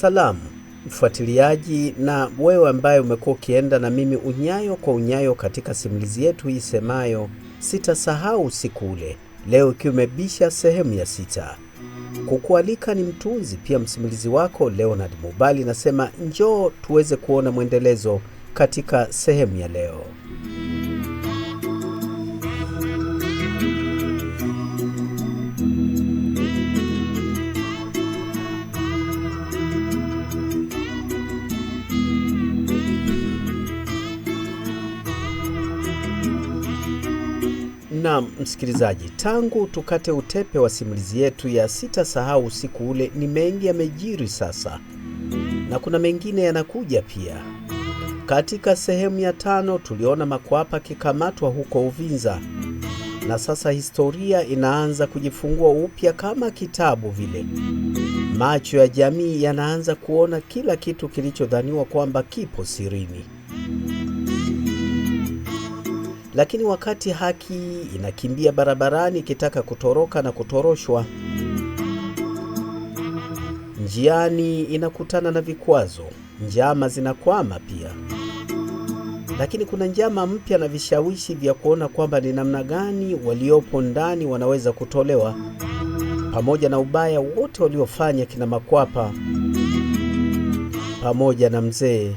Salamu mfuatiliaji, na wewe ambaye umekuwa ukienda na mimi unyayo kwa unyayo katika simulizi yetu isemayo sitasahau siku ule, leo ikiwa imebisha sehemu ya sita. Kukualika ni mtunzi pia msimulizi wako Leonard Mubali, nasema njoo tuweze kuona mwendelezo katika sehemu ya leo. Na msikilizaji, tangu tukate utepe wa simulizi yetu ya Sitasahau Usiku Ule, ni mengi yamejiri sasa, na kuna mengine yanakuja pia. Katika sehemu ya tano tuliona Makwapa akikamatwa huko Uvinza, na sasa historia inaanza kujifungua upya kama kitabu vile. Macho ya jamii yanaanza kuona kila kitu kilichodhaniwa kwamba kipo sirini. Lakini wakati haki inakimbia barabarani ikitaka kutoroka na kutoroshwa, njiani inakutana na vikwazo, njama zinakwama pia. Lakini kuna njama mpya na vishawishi vya kuona kwamba ni namna gani waliopo ndani wanaweza kutolewa, pamoja na ubaya wote waliofanya kina Makwapa pamoja na mzee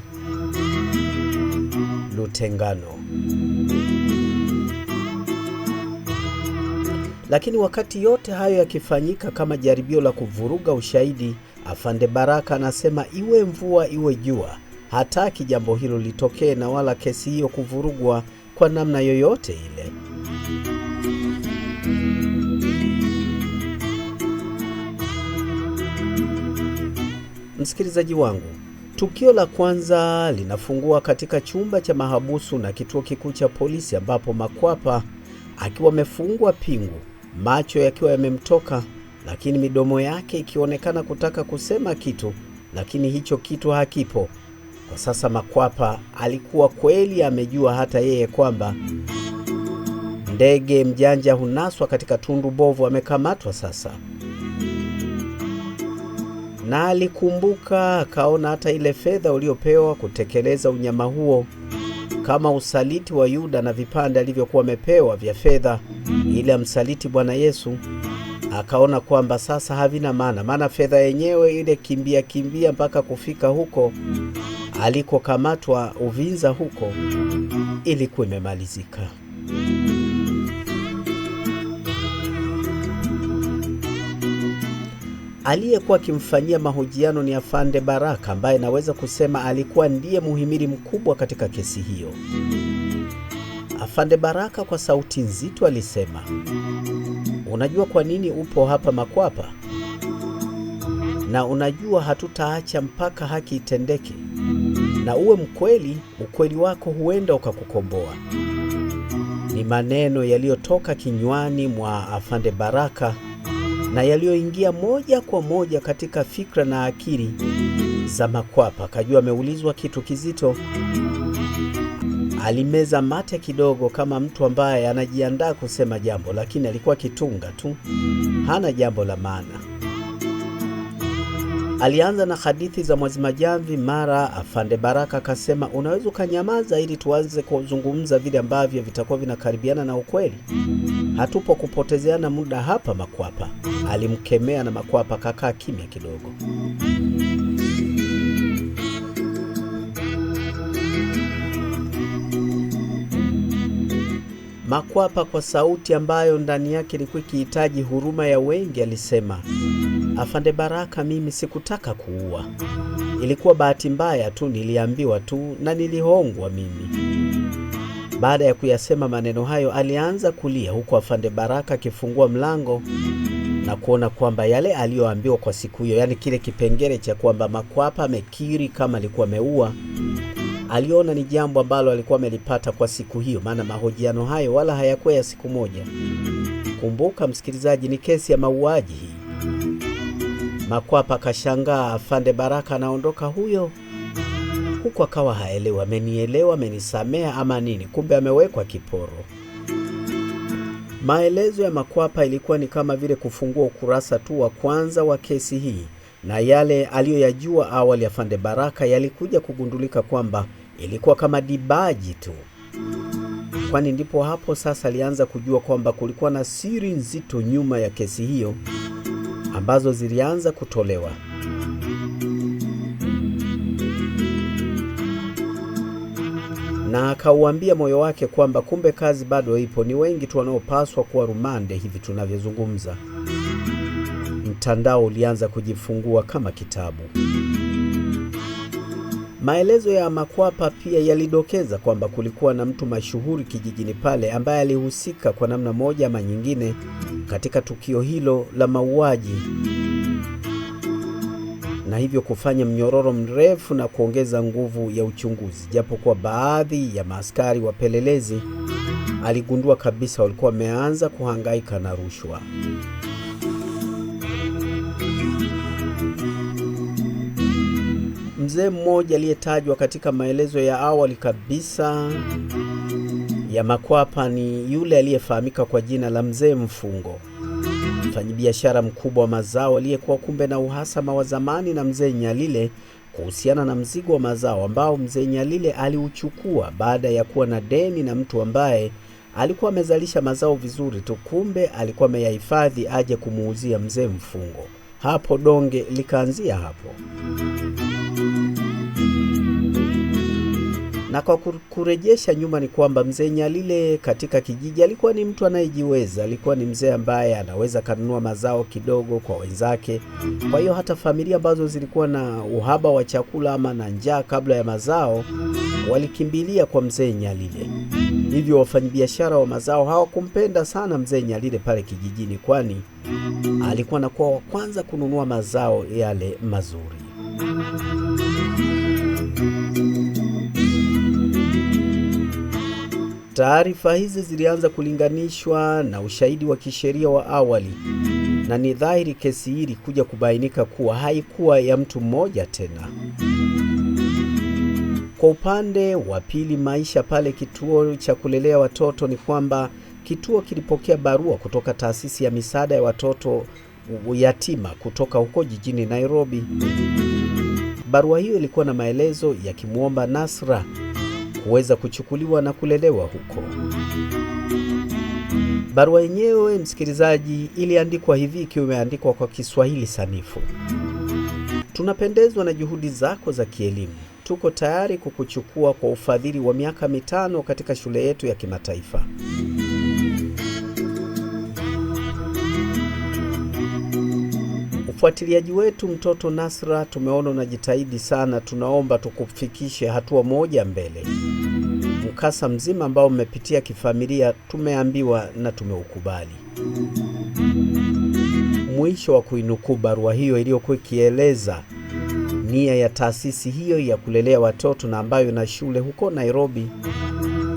Lutengano. Lakini wakati yote hayo yakifanyika kama jaribio la kuvuruga ushahidi, Afande Baraka anasema iwe mvua iwe jua, hataki jambo hilo litokee na wala kesi hiyo kuvurugwa kwa namna yoyote ile. Msikilizaji wangu, tukio la kwanza linafungua katika chumba cha mahabusu na kituo kikuu cha polisi ambapo Makwapa akiwa amefungwa pingu macho yakiwa yamemtoka, lakini midomo yake ikionekana kutaka kusema kitu, lakini hicho kitu hakipo. Kwa sasa Makwapa alikuwa kweli amejua hata yeye kwamba ndege mjanja hunaswa katika tundu bovu, amekamatwa sasa. Na alikumbuka akaona hata ile fedha uliopewa kutekeleza unyama huo kama usaliti wa Yuda na vipande alivyokuwa amepewa vya fedha ili amsaliti Bwana Yesu, akaona kwamba sasa havina maana, maana fedha yenyewe ile kimbia kimbia mpaka kufika huko alikokamatwa Uvinza huko ilikuwa imemalizika. Aliyekuwa akimfanyia mahojiano ni Afande Baraka ambaye naweza kusema alikuwa ndiye muhimili mkubwa katika kesi hiyo. Afande Baraka kwa sauti nzito alisema, unajua kwa nini upo hapa Makwapa? Na unajua hatutaacha mpaka haki itendeke, na uwe mkweli, ukweli wako huenda ukakukomboa. Ni maneno yaliyotoka kinywani mwa Afande Baraka na yaliyoingia moja kwa moja katika fikra na akili za Makwapa. Kajua ameulizwa kitu kizito, Alimeza mate kidogo kama mtu ambaye anajiandaa kusema jambo, lakini alikuwa kitunga tu, hana jambo la maana. Alianza na hadithi za mwezi majamvi mara Afande Baraka akasema, unaweza ukanyamaza ili tuanze kuzungumza vile ambavyo vitakuwa vinakaribiana na ukweli. Hatupo kupotezeana muda hapa, Makwapa alimkemea, na Makwapa kakaa kimya kidogo. Makwapa kwa sauti ambayo ndani yake ilikuwa ikihitaji huruma ya wengi alisema, Afande Baraka, mimi sikutaka kuua, ilikuwa bahati mbaya tu, niliambiwa tu na nilihongwa mimi. Baada ya kuyasema maneno hayo, alianza kulia huku Afande Baraka akifungua mlango na kuona kwamba yale aliyoambiwa kwa siku hiyo, yaani kile kipengele cha kwamba Makwapa amekiri kama alikuwa ameua, aliona ni jambo ambalo alikuwa amelipata kwa siku hiyo, maana mahojiano hayo wala hayakuwa ya siku moja. Kumbuka msikilizaji, ni kesi ya mauaji hii. Makwapa akashangaa, afande Baraka anaondoka huyo, huku akawa haelewi amenielewa, amenisamea ama nini? Kumbe amewekwa kiporo. Maelezo ya Makwapa ilikuwa ni kama vile kufungua ukurasa tu wa kwanza wa kesi hii, na yale aliyoyajua awali afande Baraka yalikuja kugundulika kwamba ilikuwa kama dibaji tu, kwani ndipo hapo sasa alianza kujua kwamba kulikuwa na siri nzito nyuma ya kesi hiyo ambazo zilianza kutolewa. na akauambia moyo wake kwamba kumbe kazi bado ipo. Ni wengi tu wanaopaswa kuwa rumande hivi tunavyozungumza. Mtandao ulianza kujifungua kama kitabu. Maelezo ya Makwapa pia yalidokeza kwamba kulikuwa na mtu mashuhuri kijijini pale ambaye alihusika kwa namna moja ama nyingine katika tukio hilo la mauaji na hivyo kufanya mnyororo mrefu na kuongeza nguvu ya uchunguzi, japo kwa baadhi ya maaskari wapelelezi aligundua kabisa walikuwa wameanza kuhangaika na rushwa. mzee mmoja aliyetajwa katika maelezo ya awali kabisa ya Makwapa ni yule aliyefahamika kwa jina la Mzee Mfungo, mfanyabiashara mkubwa wa mazao aliyekuwa kumbe na uhasama wa zamani na Mzee Nyalile kuhusiana na mzigo wa mazao ambao Mzee Nyalile aliuchukua baada ya kuwa na deni na mtu ambaye alikuwa amezalisha mazao vizuri tu, kumbe alikuwa ameyahifadhi aje kumuuzia Mzee Mfungo. Hapo donge likaanzia hapo. Na kwa kurejesha nyuma ni kwamba mzee Nyalile katika kijiji alikuwa ni mtu anayejiweza, alikuwa ni mzee ambaye anaweza kanunua mazao kidogo kwa wenzake. Kwa hiyo hata familia ambazo zilikuwa na uhaba wa chakula ama na njaa kabla ya mazao walikimbilia kwa mzee Nyalile. Hivyo wafanyabiashara wa mazao hawakumpenda sana mzee Nyalile pale kijijini, kwani alikuwa anakuwa wa kwanza kununua mazao yale mazuri. Taarifa hizi zilianza kulinganishwa na ushahidi wa kisheria wa awali, na ni dhahiri kesi hii ilikuja kubainika kuwa haikuwa ya mtu mmoja tena. Kwa upande wa pili, maisha pale kituo cha kulelea watoto ni kwamba kituo kilipokea barua kutoka taasisi ya misaada ya watoto yatima kutoka huko jijini Nairobi. Barua hiyo ilikuwa na maelezo yakimwomba Nasra huweza kuchukuliwa na kulelewa huko. Barua yenyewe, msikilizaji, iliandikwa hivi ikiwa imeandikwa kwa Kiswahili sanifu. Tunapendezwa na juhudi zako za kielimu. Tuko tayari kukuchukua kwa ufadhili wa miaka mitano katika shule yetu ya kimataifa. Mfuatiliaji wetu mtoto Nasra, tumeona unajitahidi sana, tunaomba tukufikishe hatua moja mbele. Mkasa mzima ambao mmepitia kifamilia tumeambiwa na tumeukubali. Mwisho wa kuinukuu barua hiyo iliyokuwa ikieleza nia ya taasisi hiyo ya kulelea watoto na ambayo na shule huko Nairobi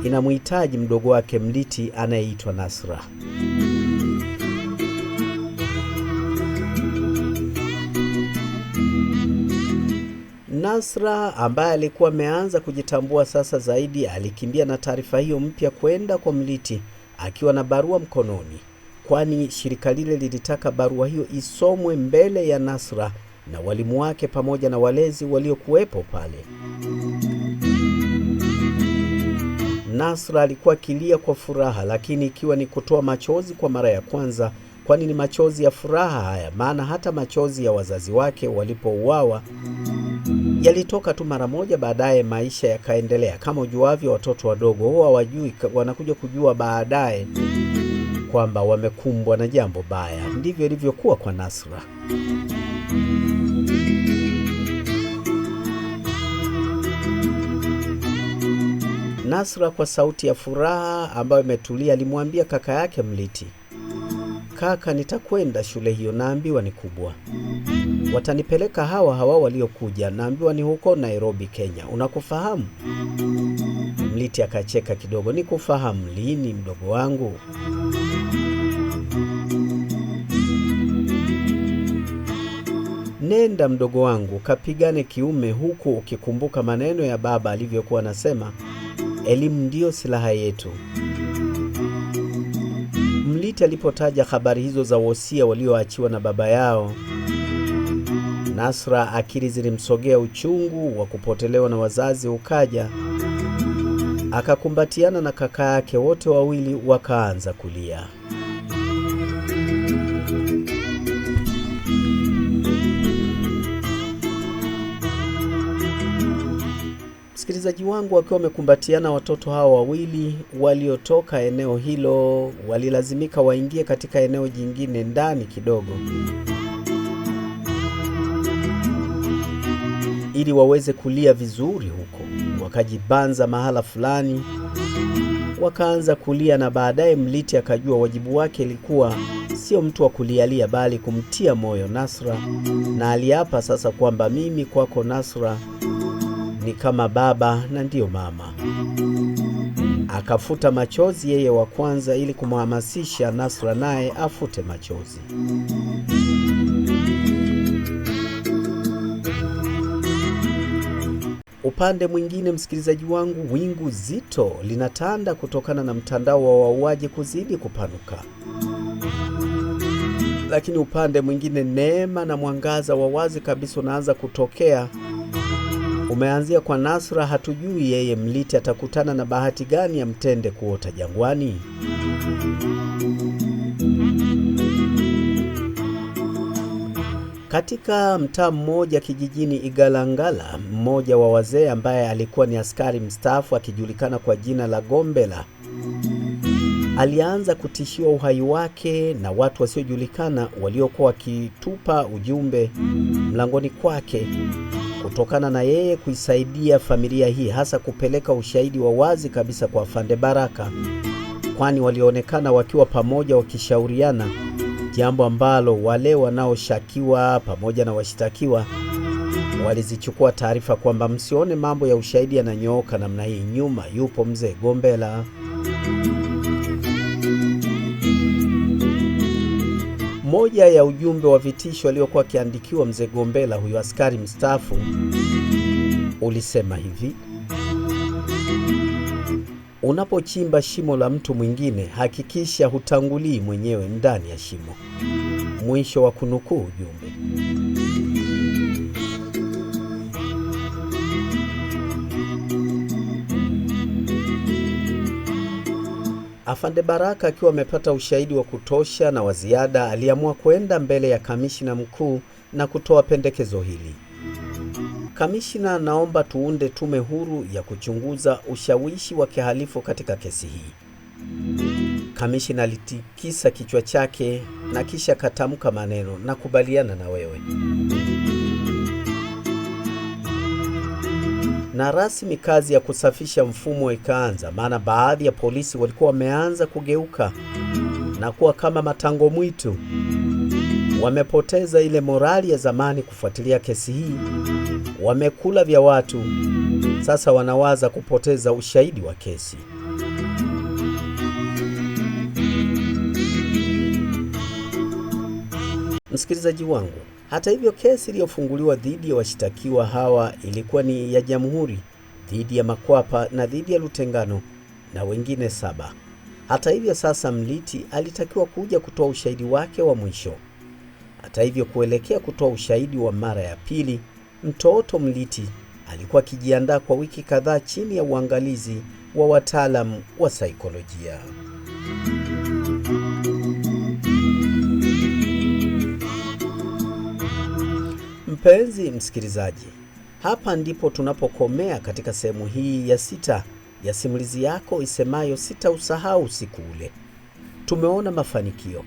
inamhitaji mdogo wake Mliti anayeitwa Nasra. Nasra ambaye alikuwa ameanza kujitambua sasa zaidi alikimbia na taarifa hiyo mpya kwenda kwa Mliti akiwa na barua mkononi, kwani shirika lile lilitaka barua hiyo isomwe mbele ya Nasra na walimu wake pamoja na walezi waliokuwepo pale. Nasra alikuwa akilia kwa furaha, lakini ikiwa ni kutoa machozi kwa mara ya kwanza kwani ni machozi ya furaha haya, maana hata machozi ya wazazi wake walipouawa yalitoka tu mara moja, baadaye maisha yakaendelea. Kama ujuavyo, watoto wadogo huwa wajui, wanakuja kujua baadaye kwamba wamekumbwa na jambo baya. Ndivyo ilivyokuwa kwa Nasra. Nasra kwa sauti ya furaha ambayo imetulia alimwambia kaka yake Mliti, Kaka, nitakwenda shule hiyo, naambiwa ni kubwa. Watanipeleka hawa hawa waliokuja, naambiwa ni huko Nairobi, Kenya. Unakufahamu? Mliti akacheka kidogo. ni kufahamu lini, mdogo wangu? Nenda mdogo wangu, kapigane kiume, huku ukikumbuka maneno ya baba alivyokuwa anasema, elimu ndiyo silaha yetu. Tafiti alipotaja habari hizo za wosia walioachiwa na baba yao, Nasra akili zilimsogea, uchungu wa kupotelewa na wazazi ukaja, akakumbatiana na kaka yake, wote wawili wakaanza kulia. wasikilizaji wangu wakiwa wamekumbatiana, watoto hawa wawili waliotoka eneo hilo walilazimika waingie katika eneo jingine ndani kidogo ili waweze kulia vizuri huko, wakajibanza mahala fulani, wakaanza kulia, na baadaye Mliti akajua wajibu wake ilikuwa sio mtu wa kulialia, bali kumtia moyo Nasra, na aliapa sasa kwamba mimi kwako Nasra ni kama baba na ndiyo mama. Akafuta machozi yeye wa kwanza, ili kumhamasisha Nasra naye afute machozi. Upande mwingine, msikilizaji wangu, wingu zito linatanda kutokana na mtandao wa wauaji kuzidi kupanuka. Lakini upande mwingine, neema na mwangaza wa wazi kabisa unaanza kutokea umeanzia kwa Nasra. Hatujui yeye Mliti atakutana na bahati gani ya mtende kuota jangwani. Katika mtaa mmoja kijijini Igalangala, mmoja wa wazee ambaye alikuwa ni askari mstaafu akijulikana kwa jina la Gombela alianza kutishiwa uhai wake na watu wasiojulikana waliokuwa wakitupa ujumbe mlangoni kwake kutokana na yeye kuisaidia familia hii, hasa kupeleka ushahidi wa wazi kabisa kwa Afande Baraka, kwani walionekana wakiwa pamoja wakishauriana, jambo ambalo wale wanaoshakiwa pamoja na washtakiwa walizichukua taarifa kwamba msione mambo ya ushahidi yananyooka namna hii. Nyuma yupo mzee Gombela. Moja ya ujumbe wa vitisho aliyokuwa akiandikiwa mzee Gombela, huyo askari mstaafu, ulisema hivi: unapochimba shimo la mtu mwingine hakikisha hutangulii mwenyewe ndani ya shimo. Mwisho wa kunukuu ujumbe. Afande Baraka akiwa amepata ushahidi wa kutosha na wa ziada, aliamua kwenda mbele ya kamishina mkuu na kutoa pendekezo hili. Kamishina, naomba tuunde tume huru ya kuchunguza ushawishi wa kihalifu katika kesi hii. Kamishina alitikisa kichwa chake na kisha katamka maneno, nakubaliana na wewe. na rasmi kazi ya kusafisha mfumo ikaanza, maana baadhi ya polisi walikuwa wameanza kugeuka na kuwa kama matango mwitu. Wamepoteza ile morali ya zamani kufuatilia kesi hii, wamekula vya watu, sasa wanawaza kupoteza ushahidi wa kesi. Msikilizaji wangu hata hivyo, kesi iliyofunguliwa dhidi ya washtakiwa hawa ilikuwa ni ya Jamhuri dhidi ya Makwapa na dhidi ya Lutengano na wengine saba. Hata hivyo, sasa Mliti alitakiwa kuja kutoa ushahidi wake wa mwisho. Hata hivyo, kuelekea kutoa ushahidi wa mara ya pili, mtoto Mliti alikuwa akijiandaa kwa wiki kadhaa chini ya uangalizi wa wataalamu wa saikolojia. Mpenzi msikilizaji, hapa ndipo tunapokomea katika sehemu hii ya sita ya simulizi yako isemayo Sitausahau Usiku Ule. Tumeona mafanikio,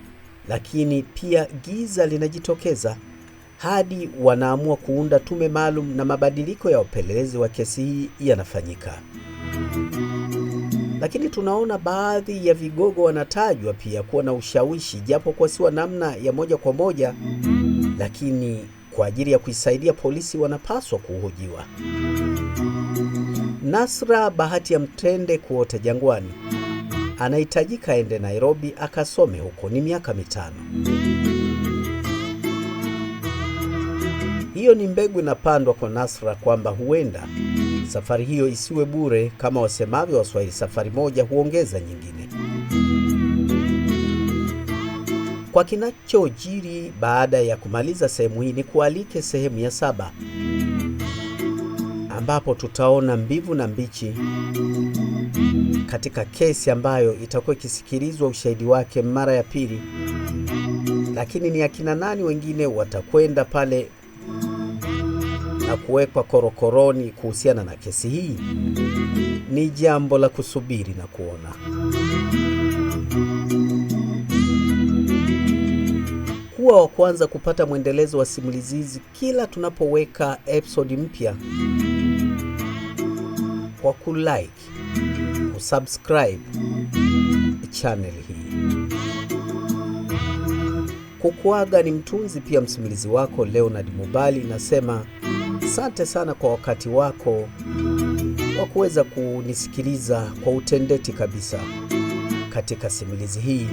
lakini pia giza linajitokeza hadi wanaamua kuunda tume maalum na mabadiliko ya upelelezi wa kesi hii yanafanyika. Lakini tunaona baadhi ya vigogo wanatajwa pia kuwa na ushawishi, japo kwa siwa namna ya moja kwa moja, lakini kwa ajili ya kuisaidia polisi wanapaswa kuhojiwa. Nasra Bahati ya Mtende kuota Jangwani anahitajika aende Nairobi akasome huko, ni miaka mitano. Hiyo ni mbegu inapandwa kwa Nasra kwamba huenda safari hiyo isiwe bure, kama wasemavyo Waswahili, safari moja huongeza nyingine. kwa kinachojiri baada ya kumaliza sehemu hii, ni kualike sehemu ya saba ambapo tutaona mbivu na mbichi katika kesi ambayo itakuwa ikisikilizwa ushahidi wake mara ya pili, lakini ni akina nani wengine watakwenda pale na kuwekwa korokoroni kuhusiana na kesi hii, ni jambo la kusubiri na kuona. huwa wa kwanza kupata mwendelezo wa simulizi hizi kila tunapoweka episodi mpya, kwa kulike, kusubscribe channel hii. Kukuaga ni mtunzi pia msimulizi wako Leonard Mubali, nasema asante sana kwa wakati wako wa kuweza kunisikiliza kwa utendeti kabisa katika simulizi hii.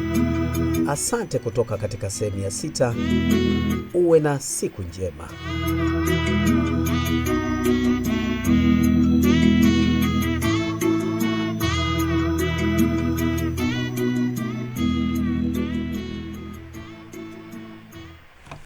Asante kutoka katika sehemu ya sita. Uwe na siku njema.